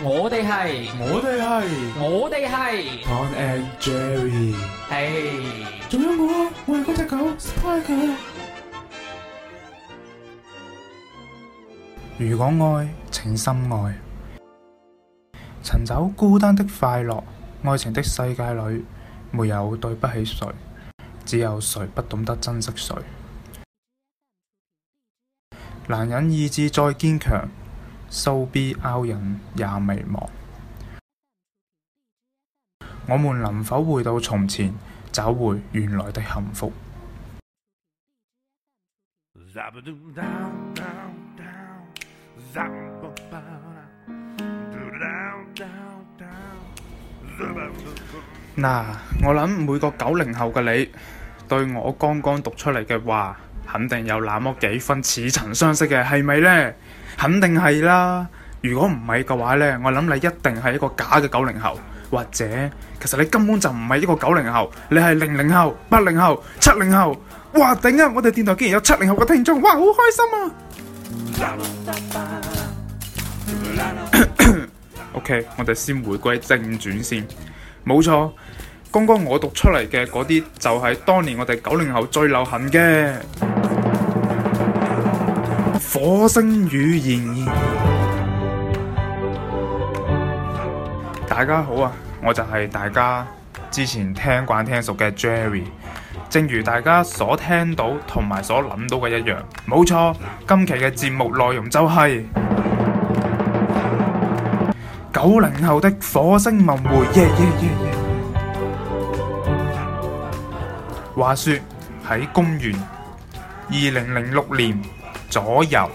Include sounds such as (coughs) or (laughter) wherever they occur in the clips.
我哋係，我哋係，我哋係。Tom and Jerry 係，仲有我，我係隻狗。如果愛，請深愛。尋找孤單的快樂，愛情的世界裏沒有對不起誰，只有誰不懂得珍惜誰。男人意志再堅強。收逼勾人也迷茫，我們能否回到從前，找回原來的幸福？嗱，我諗每個九零後嘅你，對我剛剛讀出嚟嘅話，肯定有那麼幾分似曾相識嘅，係咪呢？肯定係啦！如果唔係嘅話呢，我諗你一定係一個假嘅九零後，或者其實你根本就唔係一個九零後，你係零零後、八零後、七零後。哇頂啊！我哋電台竟然有七零後嘅聽眾，哇好開心啊、嗯嗯嗯、 (coughs) ！OK，我哋先回歸正傳先。冇錯，剛剛我讀出嚟嘅嗰啲就係當年我哋九零後最流行嘅。火星語言,言，大家好啊！我就係大家之前聽慣聽熟嘅 Jerry。正如大家所聽到同埋所諗到嘅一樣，冇錯，今期嘅節目內容就係九零後的火星文回憶、yeah, yeah, yeah, yeah。話說喺公元二零零六年。左右，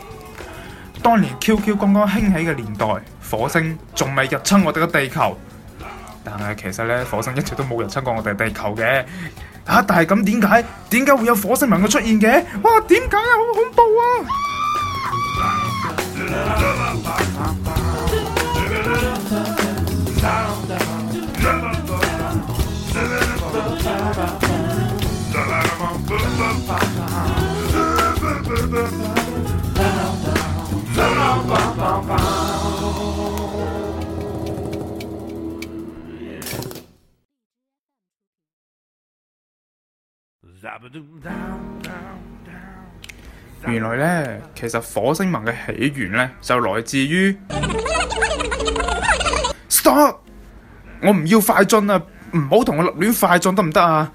當年 QQ 剛剛興起嘅年代，火星仲未入侵我哋嘅地球。但係其實呢，火星一直都冇入侵過我哋地球嘅。啊！但係咁點解？點解會有火星文嘅出現嘅？哇！點解啊？好恐怖啊！原來呢，其實火星文嘅起源呢，就來自於 (noise) Stop。我唔要快進啊，唔好同我立亂快進得唔得啊？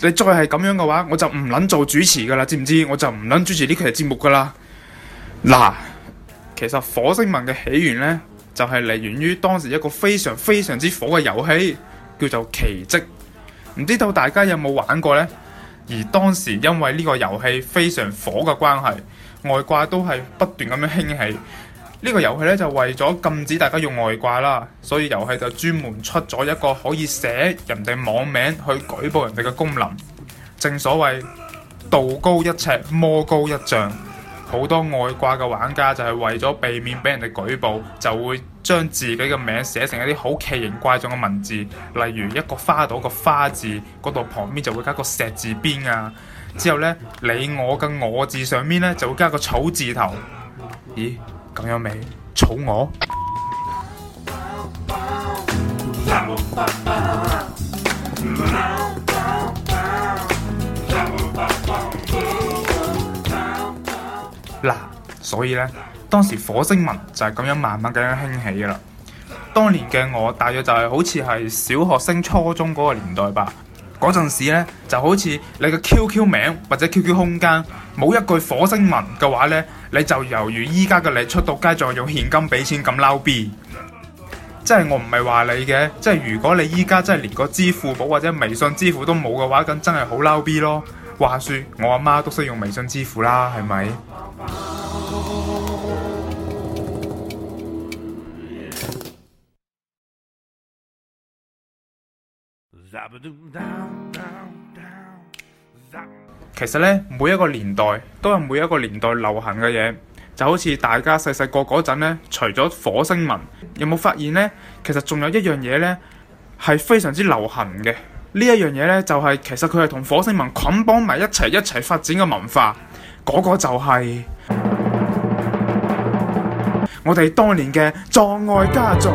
你再係咁樣嘅話，我就唔捻做主持噶啦，知唔知？我就唔捻主持呢期節目噶啦。嗱，其實火星文嘅起源呢，就係、是、嚟源於當時一個非常非常之火嘅遊戲，叫做奇蹟。唔知道大家有冇玩過呢？而當時因為呢個遊戲非常火嘅關係，外掛都係不斷咁樣興起。呢個遊戲呢，就為咗禁止大家用外掛啦，所以遊戲就專門出咗一個可以寫人哋網名去舉報人哋嘅功能。正所謂道高一尺，魔高一丈。好多外掛嘅玩家就係為咗避免俾人哋舉報，就會將自己嘅名寫成一啲好奇形怪狀嘅文字，例如一個花朵個花字嗰度旁邊就會加個石字邊啊，之後呢，你我嘅我字上面呢，就會加個草字頭。咦，咁有味，草我。嗯。所以咧，當時火星文就係咁樣慢慢咁樣興起噶啦。當年嘅我大約就係好似係小學升初中嗰個年代吧。嗰陣時咧，就好似你個 QQ 名或者 QQ 空間冇一句火星文嘅話咧，你就猶如依家嘅你出到街就用現金俾錢咁撈 B。即係我唔係話你嘅，即係如果你依家真係連個支付寶或者微信支付都冇嘅話，咁真係好撈 B 咯。話説我阿媽都識用微信支付啦，係咪？其實呢，每一個年代都有每一個年代流行嘅嘢，就好似大家細細個嗰陣呢，除咗火星文，有冇發現呢？其實仲有一樣嘢呢，係非常之流行嘅。呢一樣嘢呢，就係、是、其實佢係同火星文捆綁埋一齊一齊發展嘅文化。嗰、那個就係、是、 (music) 我哋當年嘅「葬愛家族」。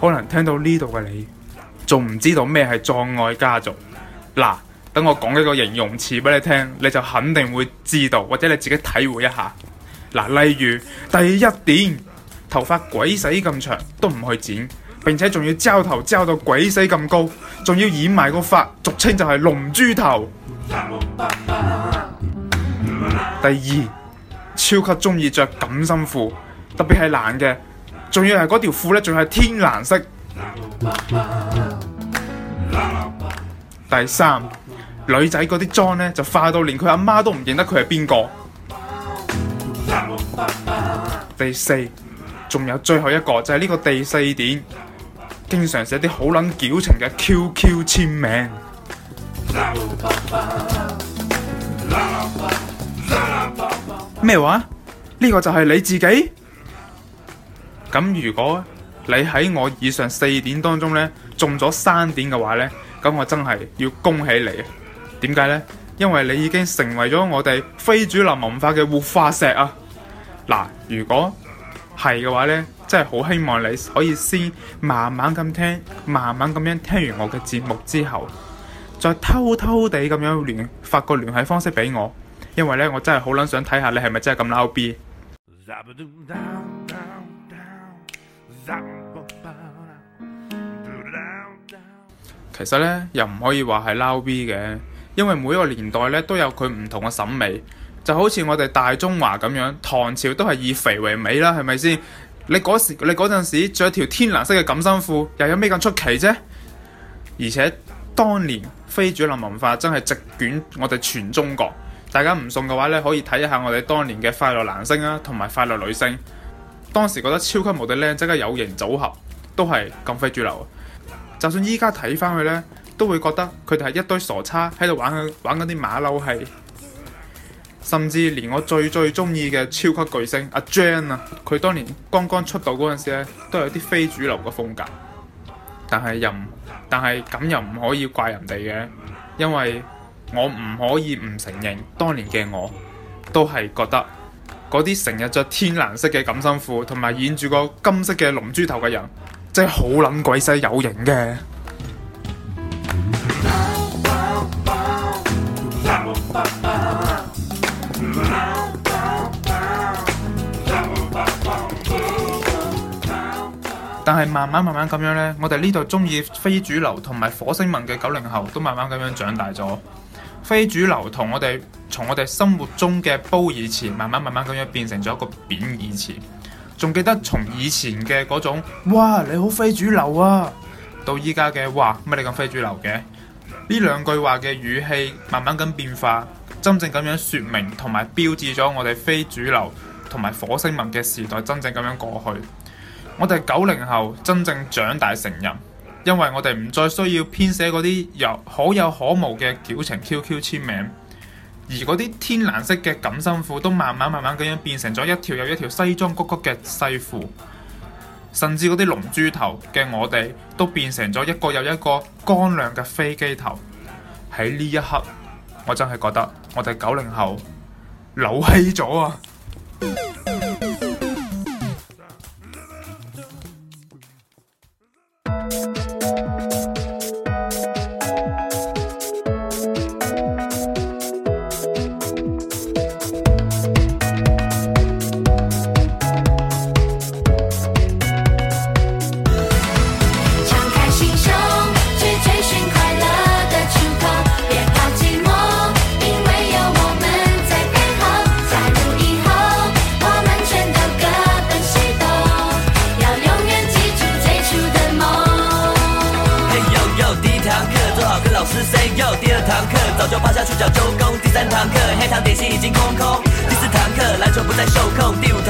可能聽到呢度嘅你仲唔知道咩係葬愛家族？嗱，等我講一個形容詞俾你聽，你就肯定會知道，或者你自己體會一下。嗱，例如第一點，頭髮鬼死咁長都唔去剪，並且仲要焦頭焦到鬼死咁高，仲要染埋個髮，俗稱就係龍珠頭。 (laughs) 第二，超級鍾意着緊身褲，特別係男嘅。仲要係嗰條褲咧，仲係天藍色。 (music) 第三，女仔嗰啲妝咧，就化到連佢阿媽都唔認得佢係邊個。 (music) 第四，仲有最後一個就係、是、呢個第四點，經常寫啲好捻矯情嘅 QQ 簽名。咩 (music) (music) 話？呢、呢個就係你自己？咁如果你喺我以上四點當中呢，中咗三點嘅話呢，咁我真係要恭喜你。點解呢？因為你已經成為咗我哋非主流文化嘅活化石啊！嗱，如果係嘅話呢，真係好希望你可以先慢慢咁聽，慢慢咁樣聽完我嘅節目之後，再偷偷地咁樣聯發個聯繫方式俾我，因為呢，我真係好撚想睇下你係咪真係咁撈 B。其實呢，又唔可以話係撈 B 嘅，因為每一個年代咧都有佢唔同嘅審美，就好似我哋大中華咁樣，唐朝都係以肥為美啦，係咪先？你嗰時你陣時着條天藍色嘅緊身褲又有咩咁出奇啫？而且當年非主流文化真係席捲我哋全中國，大家唔信嘅話咧，可以睇一下我哋當年嘅快樂男聲啊，同埋快樂女聲。當時覺得超級無敵靚，即刻有型組合都係咁非主流。就算依家睇翻去呢，都會覺得佢哋係一堆傻叉喺度玩緊玩緊啲馬騮戲，甚至連我最最中意嘅超級巨星阿 John 啊，佢當年剛剛出道嗰陣時咧，都有啲非主流嘅風格。但係又，唔，但係咁又唔可以怪人哋嘅，因為我唔可以唔承認，當年嘅我都係覺得。嗰啲成日着天藍色嘅緊身褲，同埋染住個金色嘅龍珠頭嘅人，真係好撚鬼西有型嘅。但係慢慢慢慢咁樣呢，我哋呢度中意非主流同埋火星文嘅九零後，都慢慢咁樣長大咗。非主流同我哋從我哋生活中嘅褒義詞慢慢慢慢咁樣變成咗一個貶義詞，仲記得從以前嘅嗰種哇你好非主流啊，到依家嘅哇乜你咁非主流嘅呢兩句話嘅語氣慢慢咁變化，真正咁樣說明同埋標誌咗我哋非主流同埋火星文嘅時代真正咁樣過去，我哋九零後真正長大成人。因為我哋唔再需要編寫嗰啲有可有可無嘅矯情 QQ 簽名，而嗰啲天藍色嘅緊身褲都慢慢慢慢咁樣變成咗一條又一條西裝骨骨嘅西褲，甚至嗰啲龍珠頭嘅我哋都變成咗一個又一個乾亮嘅飛機頭。喺呢一刻，我真係覺得我哋九零後老氣咗啊！ (noise)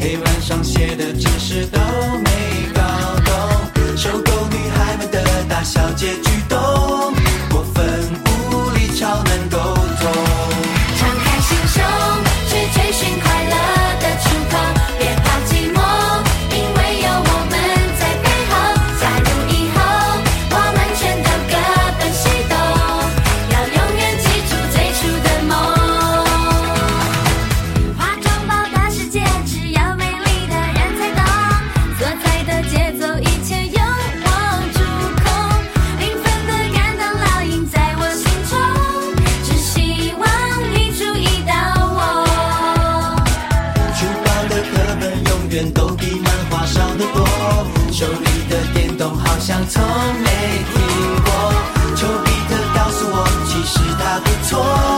黑板、hey，上寫的知識都沒搞懂，受夠女孩們的大小姐舉動。都比漫畫少得多，手裏的電動好像從沒停過，丘比特告訴我，其實他不錯。